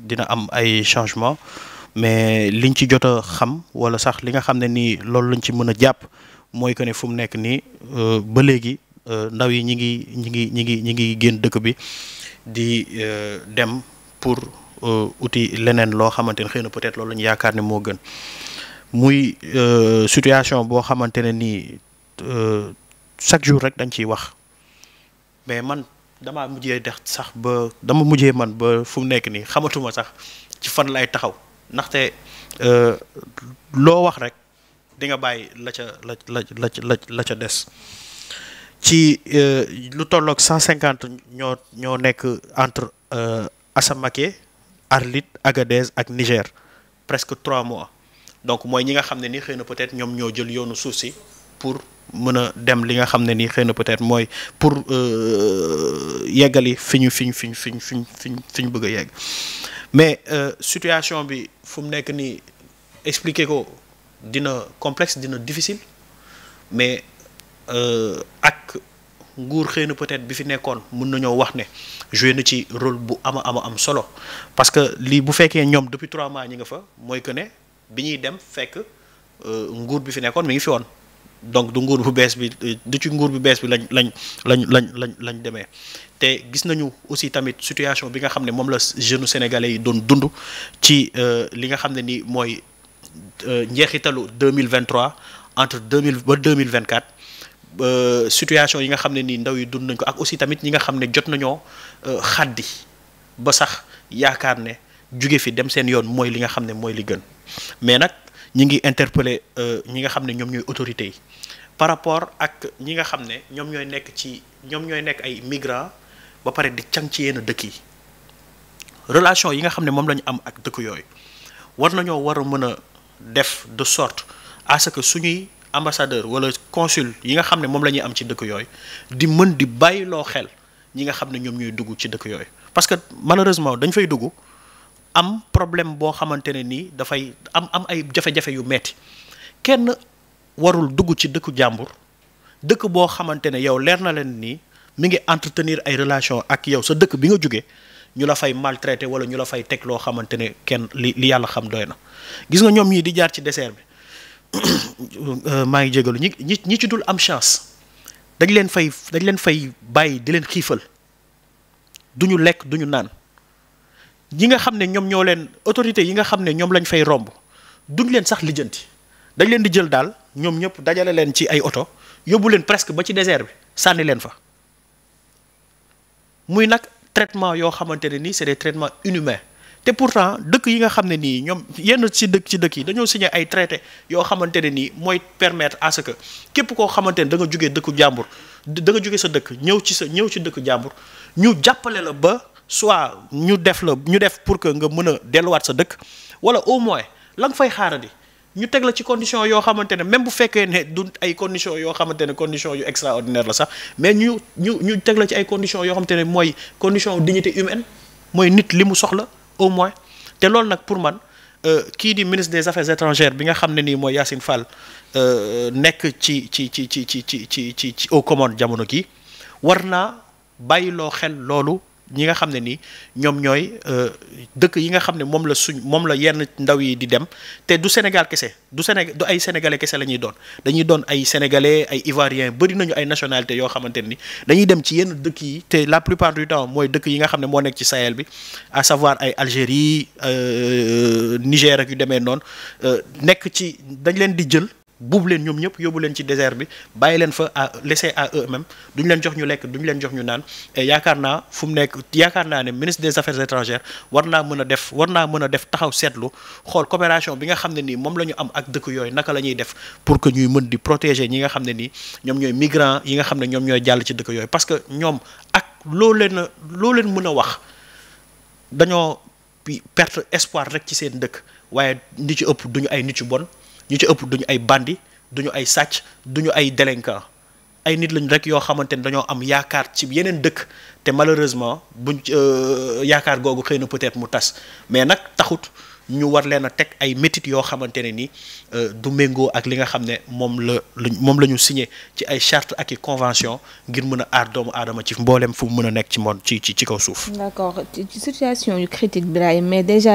dina am ay changement mais liñ ci jot a xam wala sax li nga xam ne nii loolu lañ ci mën a jàpp mooy que ne fu mu nekk nii euh, ba léegi euh, ndaw yi ñi ngi ñi ngi ñi ngi ñi ngi génn dëkk bi di euh, dem pour uti leneen loo xamante ne xëy na peut-être lool la yaakaar ne moo gën muy situation boo xamante ne nii chaque jour rek dañ ciy wax mais man damaa mujjee dex sax ba dama mujjee man ba fu mu nekk nii xamatuma sax ci fan lay taxaw ndaxte euh, loo wax rek di nga bàyyi la ca la la la la ca des ci euh, lu tolloog cent cinquante ñoo ñoo nekk entre euh, Asamaké Arlit Agadez ak Niger presque trois mois donc mooy ñi nga xam ne ni xëy na peut-être ñoom ñoo jël yoonu suuf si pour mën a dem li nga xam ne nii xëy na peut-être mooy pour euh, yeggali fi ñu fi ñu fi ñu fi ñu bëgg a yegg mais euh, situation bi fu mu nekk nii expliquer ko dina complexe dina difficile mais euh, ak nguur xëy na peut-être bi fi nekkoon mën nañoo wax ne joué na ci rôle bu ama ama am solo parce que lii bu fekkee ñoom depuis trois mois ñi nga fa mooy que ne bi ñuy dem fekk nguur bi fi nekkoon mi ngi fi woon. donc du nguur bu bees bi du ci nguur bu bees bi lañ lañ lañ lañ lañ lañ demee te gis nañu aussi tamit situation bi nga xam ne moom la jeunes sénégalais yi doon dund ci euh, li nga xam ne ni mooy euh, njeexitalu 2023 entre 2000 ba 2024 euh, yi nga xam ne nii ndaw yi dund nañ ko ak aussi tamit ñi nga xam ne jot nañoo xaddi ba sax yaakaar ne jóge fi dem seen yoon mooy li nga xam ne mooy li gën mais nag ñi ngi interpeller euh, ñi nga xam ne ñoom ñooy autorités yi par rapport ak ñi nga xam ne ñoom ñooy nekk ci ñoom ñooy nekk ay migrants ba pare di can ci yenn dëkk yi relation yi nga xam ne moom la ñu am ak dëkk yooyu war nañoo war a mën a def de sorte à ce que suñuy ambassadeur wala consul yi nga xam ne moom la ñuy am ci dëkk yooyu di mën di bàyyiloo xel ñi nga xam ne ñoom ñooy dugg ci dëkk yooyu parce que malheureusement dañ fay dugg am problème boo xamante ne nii dafay am am ay jafe-jafe yu metti kenn warul dugg ci dëkku jàmbur dëkk boo xamante ne yow leer na leen nii mu ngi entretenir ay relation ak yow sa dëkk bi nga jóge ñu la fay maltraité wala ñu la fay teg loo xamante ne kenn li yàlla xam doy na gis nga ñoom ñii di jaar ci désert bi euh, maa ngi jégalu ñi ñi ñi ci dul am chance dañ leen fay dañ leen fay bàyyi di leen xiifal duñu lekk duñu naan ñi nga xam ne ñoom ñoo leen autorité yi nga xam ne ñoom lañ fay romb duñ leen sax lijjanti dañ leen di jël daal ñoom ñëpp dajale leen ci ay oto yóbbu leen presque ba ci désert bi sànni leen fa muy nag traitement yoo xamante ne nii c'est des traitements inhumains te pourtant dëkk yi nga xam ne nii ñoom yenn ci dëkk ci dëkk yi dañoo signé ay yoo xamante ne nii mooy permettre à ce que képp koo xamante ne da nga jógee dëkku jàmbur da nga jógee sa dëkk ñëw ci sa ñëw ci dëkku jàmbur ñu jàppale la ba. soit ñu def la ñu def pour que nga mën a delluwaat sa dëkk wala au moins la nga fay xaarandi ñu teg la ci condition yoo xamante ne même bu fekkee ne du ay condition yoo xamante ne condition yu extraordinaire la sax mais ñu ñu ñu teg la ci ay condition yoo xamante ne mooy condition dignité humaine mooy nit li mu soxla au moins te loolu nag pour man euh, kii di ministre des affaires étrangères bi nga xam ne nii mooy Yacine Fall euh, nekk ci ci ci ci ci ci ci ci ci aux commandes jamono gi war naa bàyyiloo xel loolu ñi nga xam ne nii ñoom ñooy euh, dëkk yi nga xam ne moom la suñ moom la yenn ndaw yi di dem te du Sénégal kese du Sénégal du ay sénégalais kese la ñuy doon dañuy doon ay sénégalais ay ivoiriens bari nañu ay nationalité yoo xamante ni dañuy dem ci yenn dëkk yi te la plus plupart du temps mooy dëkk yi nga xam ne moo nekk ci Sahel bi à savoir ay Algérie euh, Niger ak yu demee noonu euh, nekk ci dañ leen di jël buub leen ñoom ñëpp yóbbu leen ci désert bi bàyyi leen fa à laisser à eux-mêmes duñ leen jox ñu lekk duñu leen jox ñu naan et yaakaar naa fu nekk yaakaar naa ne ministre des affaires étrangères war naa mën a def war naa mën a def taxaw seetlu xool coopération bi nga xam ne nii moom la ñu am ak dëkk yooyu naka la ñuy def pour que ñuy mën di protéger ñi nga xam ne nii ñoom ñooy migrants yi nga xam ne ñoom ñooy jàll ci dëkk yooyu parce que ñoom ak loo leen a loo leen mën a wax dañoo perte espoir rek ci seen dëkk waaye ni ci ëpp duñu ay nit yu bon ñu ci ëpp duñu ay bandi duñu ay sàcc duñu ay délinquant ay nit lañ rek yoo xamante ne dañoo am yaakaar ci yeneen dëkk te malheureusement buñ euh, yaakaar googu xëy na peut-être mu tas mais nag taxut ñu war leen a teg ay métit yoo xamante ne ni euh, du méngoo ak li nga xam ne moom la moom la ñu signé ci ay charte ak i convention ngir mën a aar doomu aadama ci mbooleem fu mu mën a nekk ci moom ci ci ci kaw suuf. ci situation yu critique bi mais déjà